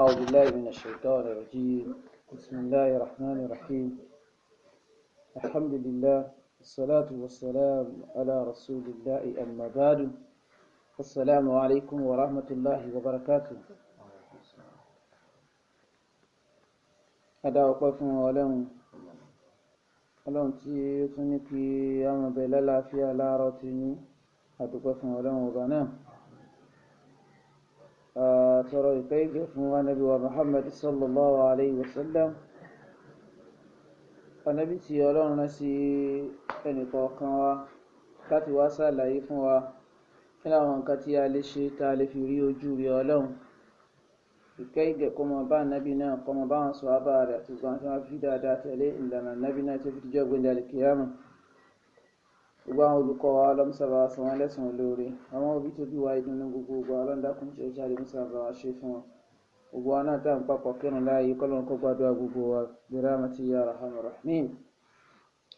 أعوذ بالله من الشيطان الرجيم بسم الله الرحمن الرحيم الحمد لله الصلاة والسلام على رسول الله أما بعد السلام عليكم ورحمة الله وبركاته هذا قفنا ولم ọlọ́run tí ó tún ní kí á máa bẹ lálàáfíà láàárọ̀ tí sọ̀rọ̀ ìkẹ́kẹ́ fún anabi محمد صلى الله عليه وسلم النبي anabi نسي أن rán sí ẹnìkọ̀ọ̀kan wa láti wá ṣàlàyé fún wa kí làwọn nǹkan tí a lè ṣe tá a lè fi rí ojú rí ọlọ́run ìkẹ́ ìgẹ̀ kó mọ bá anabi náà kó mọ bá wọn sọ abáàrẹ̀ àti gbọ́n tí wọ́n fi dáadáa tẹ̀lé ìlànà anabi náà tó fi dijọ́ gbẹ̀dẹ̀ àlìkìyàmù gbogbo àwọn olùkọ́ wa ọlọ́mùsàbà san wọn lẹ́sùn olóore àwọn òbí tó bí wa ìdùnnú gbogbo ògbà ọlọ́dàkùn ṣe jáde mùsàbà wa ṣe fún wọn gbogbo wa náà tá à ń papọ̀ kírun láàyè kọ́lọ́n kó gbàdúrà gbogbo wa gbéra mọ́tì ya rahman rahim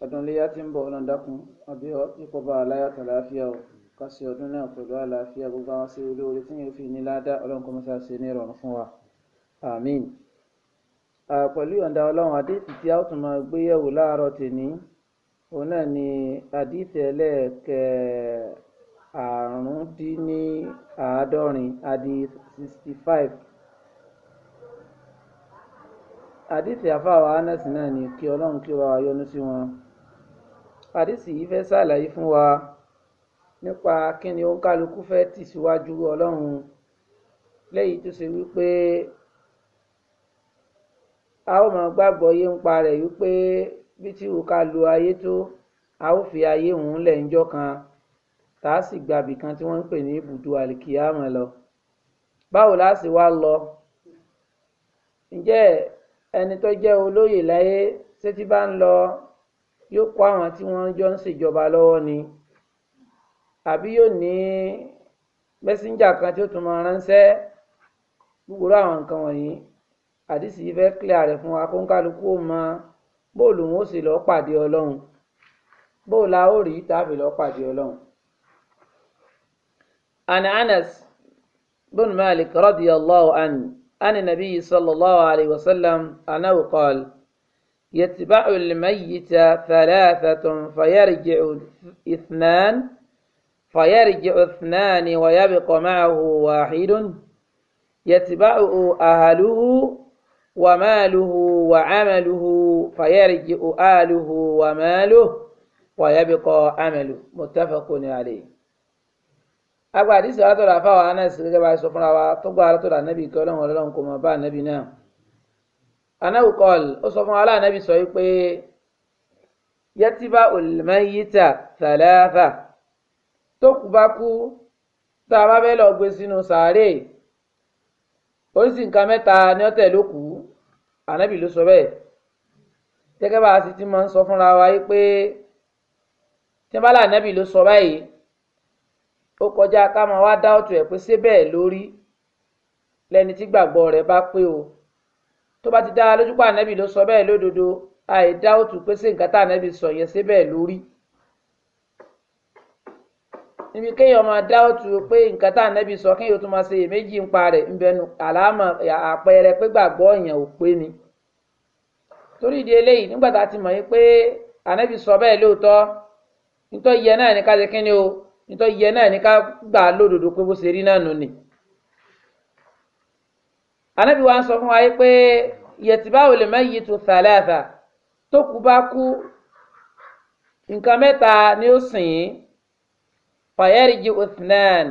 ọdún léyà tí ń bọ̀ ọlọ́dàkùn àbí ipò bá aláyà tàlàáfíà o ká ṣe ọdún náà pẹ̀lú àlàáfíà gbogbo àwọn sí olóore tí yóò fi ní ládàá ọlọ́run kó òun náà ni àdìsí ẹlẹ́ẹ̀kẹàrúndínníàádọ́rin hadith sixty five àdìsí àfàwà Anas náà ni kí Ọlọ́run kí ó bá wa yọ́nú sí wọn àdìsí yìí fẹ́ ṣàlàyé fún wa nípa kí ni oníkálukú fẹ́ tì síwájú Ọlọ́run lẹ́yìn tó ṣe wípé a ó máa gbàgbọ́ yé ń pa rẹ̀ wípé bí tìrú ká lo ayé tó a ó fi ayé òun-ùnlẹ̀ kan tá a sì gbabì kan tí wọ́n ń pè ní ibùdó àlìkìyámà lọ báwo la sì wá lọ ǹjẹ́ ẹni tó jẹ́ olóyè láyé ṣé tí bá ń lọ yóò kó àwọn tí wọ́n jọ ń ṣèjọba lọ́wọ́ ni àbí yóò ní mẹ́síńjà kan tí ó tún máa ránṣẹ́ gbogbo àwọn nǹkan wọ̀nyí àdìsí fẹ́ kílẹ̀ rẹ̀ fún wa ó máa bó lòun ó sì lọọ pàdé ọlọrun bó la ó rí tàbí lọọ pàdé ọlọrun. عن انس بن مالك رضي الله عنه عن النبي صلى الله عليه وسلم انه قال يتبع الميت ثلاثه فيرجع اثنان فيرجع اثنان ويبقى معه واحد يتبعه اهله وماله وعمله فيرجع آله وماله ويبقى عمله متفق عليه agba àdìsí alátọ̀dọ̀ àfáwọn Anas gẹ́gẹ́ bá a sọ fúnra wa tó gba alátọ̀dọ̀ ànábì kí ọlọ́run ọlọ́run kò mọ̀ bá ànábì náà anáwó kọ́ọ̀lù ó sọ fún aláànábì sọ wípé yẹtìbá olùmọ̀yíta thalatha tó kù bá kú tá a bá bẹ́ẹ̀ lọ gbé sínú sàárè oríṣi nǹkan mẹ́ta ni ó tẹ̀ ló kù ànábì ló sọ bẹ́ẹ̀ gẹ́gẹ́ bá a sì ti máa ń sọ fúnra wa yìí pé tí bá lànàbì ló sọ báyìí ó kọjá ká máa wá dá ọ̀tún ẹ̀ pé ṣé bẹ́ẹ̀ lórí lẹni tí gbàgbọ́ rẹ̀ bá pé o tó bá ti dá lójú pé ànábì ló sọ bẹ́ẹ̀ lódodo àìdá ọ̀tún pé ṣé nǹkan tá ànábì sọ yẹn ṣé bẹ́ẹ̀ lórí. níbi kéèyàn máa dá òtù pé nǹkan tá ànábì sọ kéèyàn tó máa ṣe èméjì ń pa rẹ̀ ńbẹnu àlámà àpẹẹrẹ pé gbàgbọ́ èèyàn ò ni. torí ìdí eléyìí nígbà tá a ti mọ̀ yín pé ànábì sọ bẹ́ẹ̀ lóòótọ́ nítorí yẹ náà ní ká ṣe kíni o nítorí yẹ náà ní ká gbà lódodo pé bó ṣe rí náà nù ni. wa ń sọ fún wa lè ni ó fàyẹ́rìjì othnan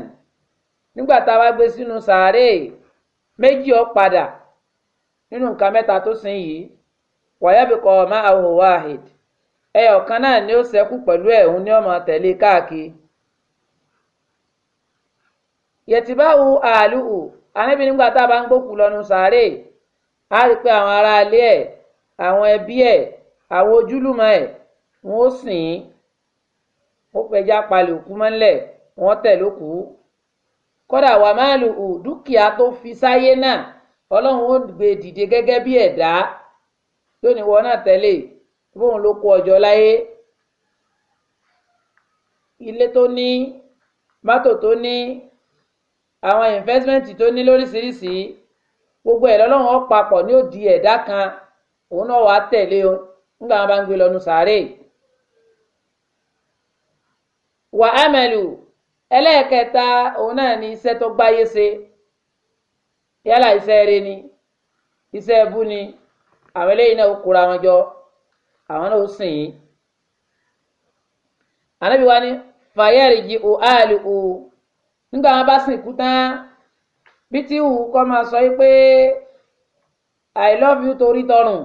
nígbà tá a bá gbé sínú sàárè méjì ó padà nínú nǹkan mẹ́ta tó sìn yìí wàyábìkọ ọmọ àwòwáhid ẹyọ kan náà ni ó ṣẹ́kù pẹ̀lú ẹ̀ òun ni ó máa tẹ̀lé káàkiri. yẹtìbáwo àlùhù àníbi nígbà tá a bá ń gbókù lọ́nu sàárè á rí i pé àwọn aráalé ẹ̀ àwọn ẹbí ẹ̀ àwọn ojúlùmọ̀ ẹ̀ wọ́n sìn ín wọ́n fẹjá palẹ̀ òkú mọ́lẹ̀ wọ́n tẹ̀ lókù kódà wà máa lò o dúkìá tó fi sáyé náà ọlọ́run ó gbé dìde gẹ́gẹ́ bí ẹ̀dá lónìí wọn náà tẹ́lẹ̀ bóun ló kó ọjọ́ láyé ilé tó ní mọ́tò tó ní àwọn investment tó ní lóríṣiríṣi gbogbo ẹ̀ lọ́lọ́run ó papọ̀ ní òdi ẹ̀dá kan òun náà wàá tẹ̀lé o nígbà wọn bá ń wà ámẹlù ẹlẹ́ẹ̀kẹta òun náà ni iṣẹ́ tó gbáyé ṣe yálà iṣẹ́ rẹ ni iṣẹ́ ẹbú ni àwọn eléyìí náà kóra wọn jọ àwọn náà sìn yín ànábi wa ni fàyẹ́rì jí o áàlì o nígbà wọn bá sìnkú tán bí tí wù kọ́ máa sọ pé i love you torí tọrùn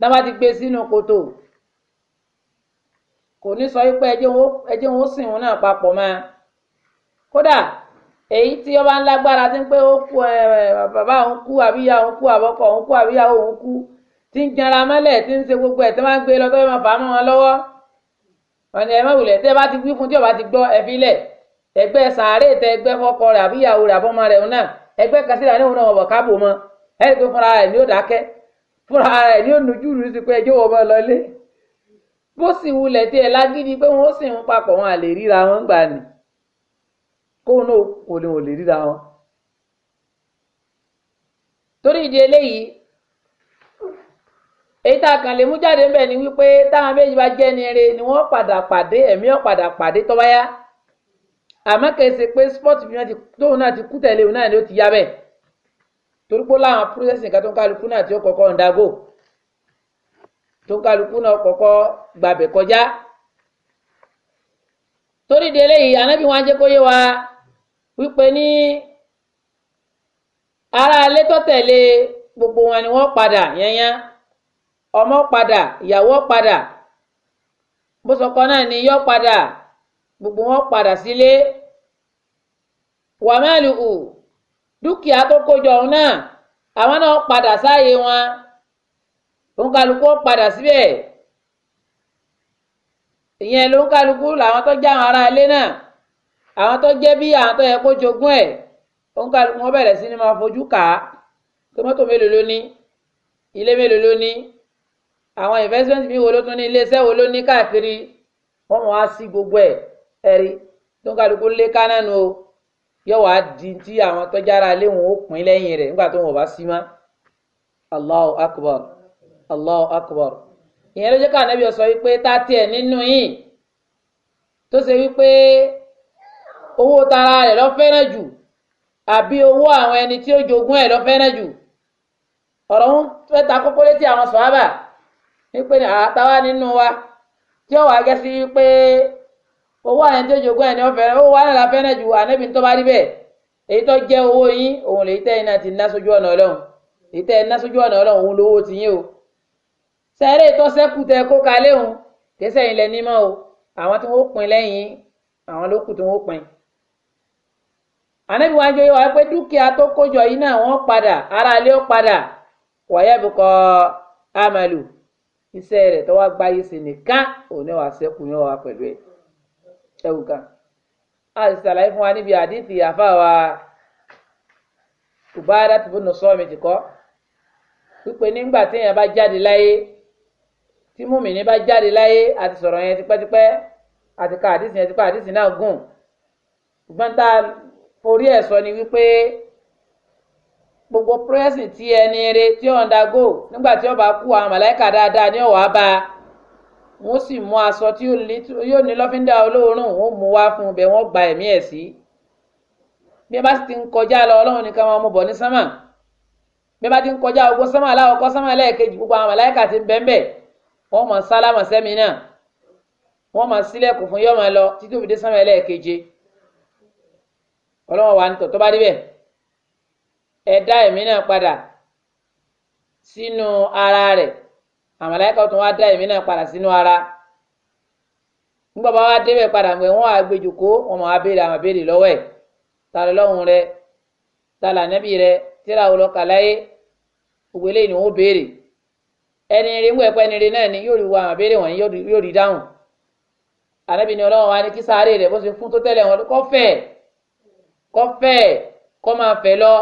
tá bá ti gbé e sínú kòtò kò ní sọ wípé ẹjẹ wọn ó sìn wọn náà papọ̀ mọ́ kódà èyí tí ọba ń lágbára ti ń pé ó kú bàbá òun kú àbíyá òun kú àbọkọ òun kú àbíyá òun kú tí ń janra mọ́lẹ̀ tí ń ṣe gbogbo ẹ̀ tí wọ́n gbé lọ tó fẹ́ máa fà á mọ́ wọn lọ́wọ́ ọ̀nà ẹ̀ mọ̀wùlẹ̀ tẹ́ bá ti wí fún tí ọba ti gbọ́ ẹ filẹ̀ ẹgbẹ́ sàárè tẹ ẹgbẹ́ fọkọ rẹ̀ àbíyàwó rẹ̀ àbọ́mọ rẹ̀ òun náà ẹgbẹ́ kásílẹ̀ àníwò náà wọ̀ káàbò mọ́ ẹ̀ ẹ́ fúnra rẹ̀ ni ó dákẹ́ fúnra rẹ̀ ni ó nujú rú sí pé ẹjọ́ wọ́n mọ́ lọ lé bó sì wulẹ̀ tí ẹ lágídí pé wọ́n sì ń papọ̀ wọn a lè ríra wọn gbà ní kóun náà kò lè lè ríra wọn. torí ìdí eléyìí èyí tá a kàn lè mú jáde ńbẹ ni wípé táwọn méjì bá jẹ́ ni eré ni wọ́n padà pàdé ẹ̀mí ọ̀padà pàdé ṣe pé tóun náà ti kú tẹ̀lé òun náà ni tó kálukú náà kọ́kọ́ gbàbẹ̀ kọjá torí de eléyìí anábì wọn jẹ́ kó yé wa wípé ní ará ilé tó tẹ̀lé gbogbo wọn ni wọ́n padà yẹnyẹn ọmọ padà ìyàwó padà bó náà ni yọ padà gbogbo wọn padà sílé wàmẹ́lì ù dúkìá tó kójọ ọ̀hún náà àwọn náà padà sáàyè wọn. òun kálukú padà síbẹ̀ ìyẹn ló ń kálukú làwọn tó jẹ́ àwọn ará ilé náà àwọn tó jẹ́ bí àwọn tó yẹ kó jogún ẹ̀ òun kálukú wọn bẹ̀rẹ̀ sí ni máa fojú kà á pé mọ́tò mélòó ló ní ilé mélòó ló ní àwọn investment mi wo ló tún ní iléeṣẹ́ gbogbo ẹ̀ tó ń kálukú lé kánà nu o yóò di tí àwọn tó jára ó pín lẹ́yìn rẹ̀ nígbà tó wọn ò bá sí mọ́ Allahu Akbar. Allahu akbar ìyẹn ló jẹ́ ká ànábì sọ wípé tá tiẹ̀ nínú yìí tó ṣe wípé owó tara rẹ̀ ló fẹ́ràn jù àbí owó àwọn ẹni tí ó jogún ẹ̀ ló fẹ́ràn jù ọ̀rọ̀ ń fẹ́ ta kókó létí àwọn sọ̀hábà wípé ní àtàwá nínú wa tí ó wàá gẹ́ sí wípé owó àwọn ẹni tí ó jogún ẹ̀ ni wọ́n fẹ́ràn owó wa fẹ́ràn jù ànábì tó bá rí bẹ́ẹ̀ èyí tó jẹ́ owó yín òun lèyí tẹ́yìn náà ti ná sójú ọ̀nà ọlọ́run èyí tẹ́yìn ná sójú ọ̀nà ọlọ́run òun lówó ti yín o. sẹ́rẹ́ tó sẹ́kù tẹ kó kalẹ̀ òun kẹsẹ̀ yìí lẹ o àwọn tí wọ́n pin lẹ́yìn àwọn ló kù tí wọ́n pin. ànábì wá wá pé dúkìá tó kójọ yìí náà wọ́n padà ara ó padà amalu iṣẹ́ rẹ̀ tó gbáyé sí nìkan òun wá sẹ́kù ní wàá pẹ̀lú ẹ̀ ẹ̀wù kan. a sì ṣàlàyé fún wa níbi àdìsí àfáwa Ubadat bunu sọ́ọ̀mì ti kọ́ nígbà téèyàn bá jáde tí mùmíní bá jáde láyé àti sọ̀rọ̀ yẹn tipẹ́tipẹ́ àti ka àdìsí yẹn tipẹ́ àdìsí náà gùn ṣùgbọ́n tá a forí ẹ̀ sọ ni wípé gbogbo pírẹ́sì tí ẹni eré tí ó ń dagó nígbà tí ó bá kú àwọn màláìka dáadáa ní ọ̀wá bá a wọ́n sì mú aṣọ tí yóò ní lọ́fíńdà olóòórùn wọ́n mú wá fún un bẹ́ẹ̀ wọ́n gba ẹ̀mí ẹ̀ sí bí ẹ bá sì ti ń kọjá lọ ọlọ́run nìkan máa mú bọ̀ ní sánmà bí ẹ bá ti ń kọjá gbogbo sánmà aláwọ̀kọ́ sánmà lẹ́ẹ̀kejì gbogbo àwọn màláìka ti ń bẹ́ẹ̀ bẹ́ẹ̀ wọ́n mọ̀ sálámà sẹ́mi náà wọ́n mọ̀ sílẹ̀kùn fún yọ́mọ lọ títí òfin dé sánmà ẹlẹ́ẹ̀keje ọlọ́wọ́n wà ní tọ̀tọ́ bá débẹ̀ ẹ dá ẹ̀mí náà padà sínú ara rẹ̀ àmàlẹ́kọ̀ tó wá dá ẹ̀mí náà padà sínú ara nígbà bá wá débẹ̀ padà mọ̀ wọ́n á gbé jòkó wọ́n máa béèrè àwọn béèrè lọ́wọ́ ẹ̀ ta ló lọ́hùn rẹ ta lànẹ́bí rẹ tíra olọ́kàláyé ògbélé ni wọ́n béèrè ẹni rí ń wẹ̀pẹ́ ẹni rí náà ni yóò rí wa àwọn wọ̀nyí yóò rí dáhùn ni ọlọ́run wa ni kí sáré rẹ̀ bó ṣe wọn kọ́ kọ́ kọ́ máa lọ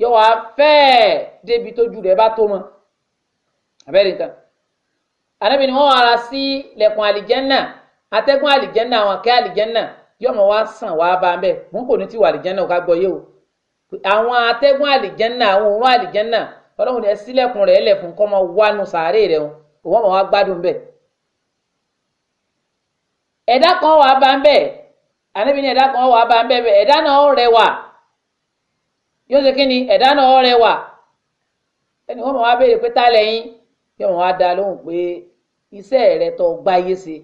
yóò wá fẹ̀ débi tójú rẹ̀ bá tó mọ́ nǹkan ni wọ́n wá sí àlìjẹ́nà atẹ́gùn àlìjẹ́nà àwọn akẹ́ àlìjẹ́nà yóò mọ̀ wá sàn wá bá kò ní ti wà àlìjẹ́nà ò ọlọ́run yẹn sílẹ̀kùn rẹ̀ ẹlẹ̀kùn kọ́ máa wánu sàárè rẹ̀ o òun ọmọ wa gbádùn bẹ́ẹ̀. ẹ̀dá kan wà bá ń bẹ̀ àníbi ni ẹ̀dá kan wà bá ń ẹ̀dá náà yóò ṣe kí ni ẹ̀dá náà wà ẹni wá béèrè pé tá lẹ́yìn yóò wá lóhùn pé iṣẹ́ rẹ̀ gbáyé ṣe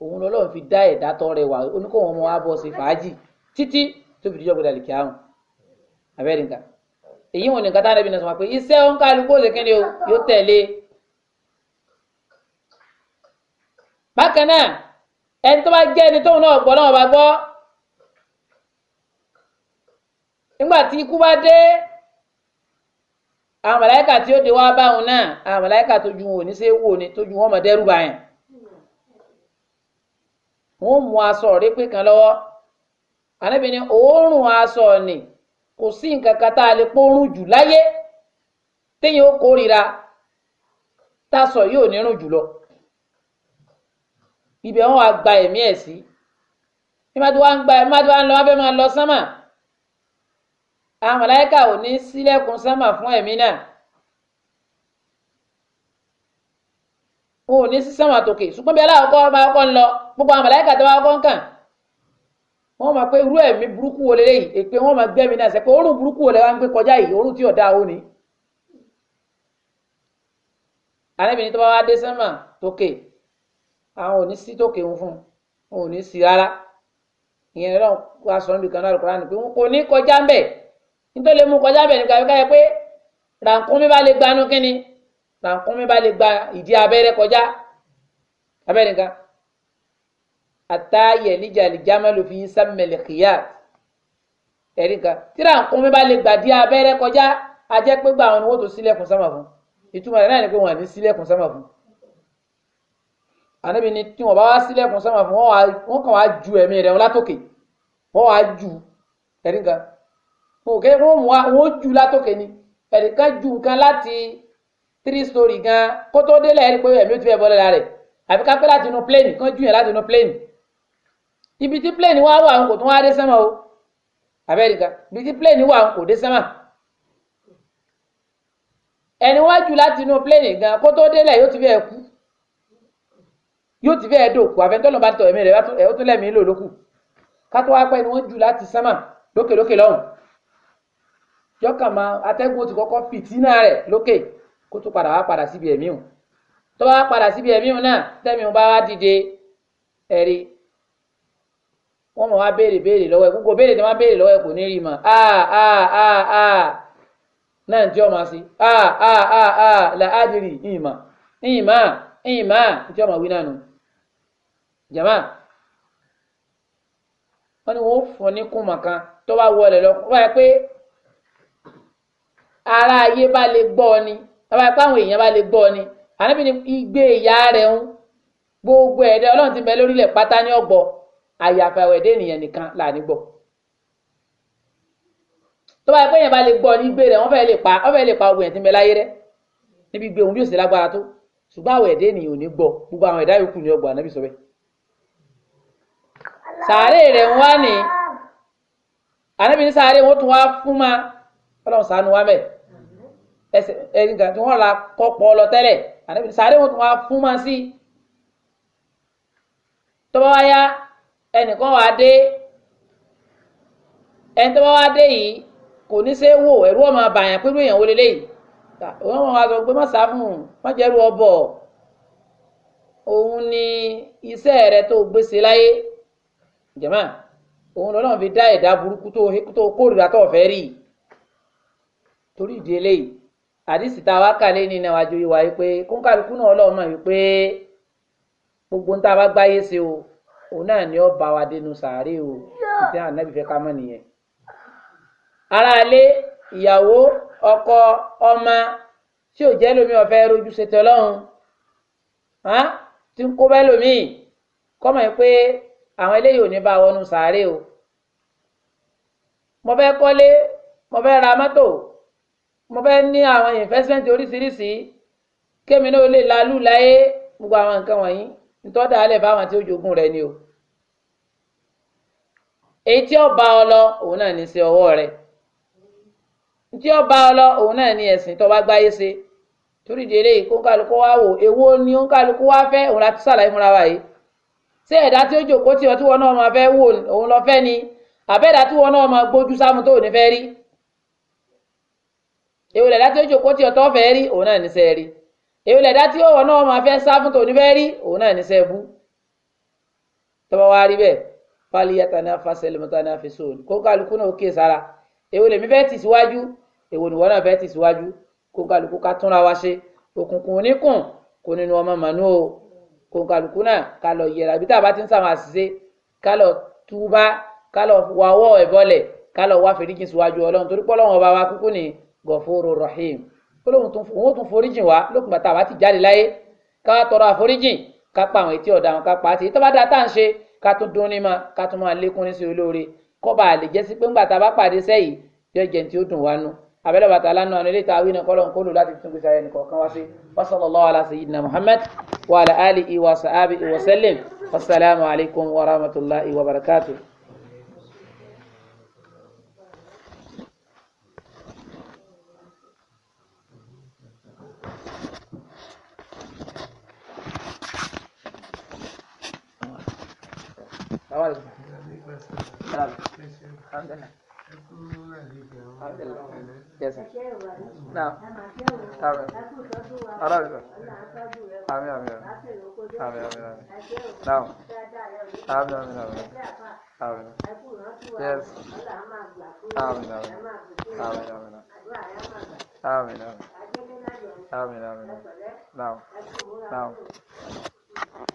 òun lọ́lọ́run ọmọ wa bọ̀ ṣe èyí wọn nìkan táwọn ẹbí náà sọ wọn pé ń kálukú òsè yóò tẹ̀lé. bákan náà ẹni tó bá jẹ́ ẹni tóun náà gbọ. náà bá gbọ́ nígbà tí ikú bá dé àwọn tí ó wá báwọn náà àwọn tójú wọn ò ní ṣe wò ní tójú wọn wọn mú aṣọ ni. kò sí nǹkan kan tá a lè pòrùn jù láyé téèyàn ó kórìíra tá a sọ yóò nírùn jùlọ ibẹ̀ wọn wá gba ẹ̀mí ẹ̀ sí ìmọ̀tí wọn gba ìmọ̀tí wọn lọ wọn fẹ́ máa lọ sánmà àwọn màláíkà ò ní sílẹ̀kùn sánmà fún ẹ̀mí náà wọn ò ní sí sánmà tòkè ṣùgbọ́n bí aláwọ̀ kọ́ máa kọ́ ń lọ gbogbo àwọn màláíkà tó máa kọ́ ń kàn wọ́n máa pé irú ẹ̀mí burúkú wo lélẹ́yìí èpè wọ́n máa gbẹ́mí náà sẹ́ pé òórùn burúkú wo lẹ́wà ń gbé kọjá yìí òórùn tí ò dáa ó ní. arábìnrin tó bá wá dé sẹ́mà tókè àwọn ò ní sí tókè ń fún un ò ní sí rárá ìyẹn náà wá sọ níbi kan náà lùkọ́ ránì pé kò ní kọjá ń bẹ̀ nítorí mú kọjá ń bẹ̀ nígbà wípé káyọ̀ pé ràǹkúnmí bá lè gbanú kínni ràǹkúnmí bá lè gba ìdí abẹ́rẹ́ kọjá abẹ́rẹ́ nǹkan àtàyè níjàlè jámẹ́lò fi ń sàmẹ̀lẹ̀ kìyà ẹ̀rí nǹkan tíra nǹkan mi bá lè gbàdí abẹ́rẹ́ kọjá a jẹ́ pé gbà àwọn ni wọ́n tó sílẹ̀kùn sámà fún ìtumọ̀ rẹ̀ náà ni pé wọ́n ní sílẹ̀kùn sámà fún ànábi ni tí wọ́n bá wá sílẹ̀kùn sámà fún wọ́n kàn wá ju ẹ̀mí rẹ̀ wọn látòkè wọ́n wá ju ẹ̀rí nǹkan wọn ò kẹ́ wọ́n wọ́n ju látòkè ni ẹ̀rí kan ju nǹkan láti three story gan kó tó délẹ̀ ẹ̀rí pé ẹ̀mí ó ti fẹ́ bọ́ lẹ́la rẹ̀ àfi ká pẹ́ láti inú plane kan ju yẹn láti inú plane ibi tí plane wá wà kò tún wá dé sẹ́mà o abẹ́rìkà ibi tí plane wà kò dé sẹ́mà ẹni wá jù láti inú plane gan kó tó délẹ̀ yóò ti fẹ́ kú yóò ti fẹ́ dòkú àfẹnutọ́lọ́ bá tọ̀ ẹ̀mí rẹ̀ ẹ̀ ó tún lẹ́mìí lò lókù kátó wá pẹ́ ni wọ́n jù láti sẹ́mà lókèlókè lọ́hùn yọkàn máa atẹ́gùn ti kọ́kọ́ fìtínà rẹ̀ lókè kó tó padà wá padà síbi ẹ̀mí hùn tó bá padà síbi ẹ̀mí hùn náà tẹ́mi hùn bá wá dìde ẹ̀rí wọ́n mọ̀ wa béèrè béèrè lọ́wọ́ ẹ̀ gbogbo béèrè tí wọ́n béèrè lọ́wọ́ ẹ̀ kò ní rí ma á á á náà tí ọmọ sí là á dìrì ìyìnmà ìyìnmà ìyìnmà ọmọ wí náà jama ní tó bá wọlé lọ yẹ pé ara ayé bá lè ọ ni ipá àwọn èèyàn bá lè ọ ni àyàfà ẹ̀wẹ̀dẹ́ ènìyàn nìkan là ní gbọ́ tó bá yẹ pé èèyàn bá lè gbọ́ ní gbé rẹ̀ wọ́n fẹ́ lè pa wọ́n fẹ́ lè pa ogun ẹ̀sìn mẹ́láyé rẹ̀ níbi gbé òun bí òsì lágbára tó ṣùgbọ́n àwọn ẹ̀dẹ́ ènìyàn ò ní gbọ́ gbogbo àwọn ẹ̀dá yòókù ní ọgbà ànábì sọ bẹ́ẹ̀ sàárè rẹ̀ ń wá ní ànábì ní sàárè wọn tún wá fún ma ọlọ́run sànù wá mẹ́ ẹsẹ̀ ẹ̀ǹgà ẹnìkan wàá dé ẹni tó bá dé yìí kò ní wò ẹ̀rú ọmọ àbàyàn pẹ̀lú èèyàn wọlé lẹ́yìn òun àwọn àgbọn pé má ni iṣẹ́ rẹ tó gbèsè láyé jẹ̀mọ́ òun lọ́nà fi dá ẹ̀dá burúkú tó kórìíra tó rí torí ìdí eléyìí àdìsí tá a wá yìí pé náà mọ̀ wípé gbogbo ń tá a bá o. òun náà ni ó bá wa dénú sàárè o ìtẹ́ ànábì fẹ́ ká mọ̀ nìyẹn. aráalé ìyàwó ọkọ ọmọ tí ò jẹ́ lómi ọ̀fẹ́ rojú ṣètò ọlọ́run tí ń kó bẹ́ẹ̀ lómi kọ́mọ̀ yìí pé àwọn eléyìí ò ní bá wọnú sàárè o. mo fẹ́ kọ́lé mo fẹ́ ra mọ́tò mo fẹ́ ní àwọn investment oríṣiríṣi kémi náà lè lálù láyé gbogbo àwọn nǹkan wọ̀nyí ntọ́da alẹ́ fáwọn tí ó jogún rẹ ni o. èyí tí ọlọ ọ òun rẹ tí ọba bá òun náà ní ẹ̀sìn tó bá gbáyé ṣe torí ìdílé yìí kó kálukú wá wò èwo ni ó kálukú wá fẹ́ òun wa yìí ṣé tí ó jòkó tí wọn tí wọn náà máa ni tí wọn náà máa gbójú tó ní fẹ́ rí tí ó jòkó tí rí òun náà rí tí wọn náà máa tó ní rí òun náà bú falyatanafasil mutanafisun kó kálukú náà kí sára èwo lèmi fẹ́ tì síwájú èwo nìwọ náà fẹ́ tì síwájú kó kálukú ká túnra wa ṣe òkùnkùn oníkùn kò nínú ọmọ mànú o kó kálukú náà ká lọ yẹra ibi tá a bá ti ń sàwọn àṣìṣe ká lọ túbá ká lọ wà ọwọ́ ẹ̀ ká lọ wá fèrèjì síwájú ọlọ́run torí pé ọlọ́run ọba wa kúkú ni gọ̀fóró rahim olóhùn òun tún foríjì wá lópin bàtà àwa ti jáde láyé ká tọrọ àforíjì ká pa àwọn etí ọ̀daràn ká pa á ti tọ́ bá dáa tá à ń ṣe ká tún dún ní ma ká tún máa lékún ní sí olóore kọ́ba àlè jẹ́ sí pé ńgbà tá a bá pàdé sẹ́yìn yóò jẹ́ tí ó dùn wá nu abẹ́rẹ́ bàtà lánàá ní iléetà awínà kọ́lọ̀ ńkọ́lù láti tún gbèsè ẹnì kọ̀ọ̀kan wá sí wa sallallahu ala sayyidina wa ala alihi wa sahbihi wa sallam wasalaamu alaykum wa rahmatulahi wa barakatuh. سوال Yes. Now. Now. Now. Now. Now. Now. Now. Now. Now. Now. Now. Now. Now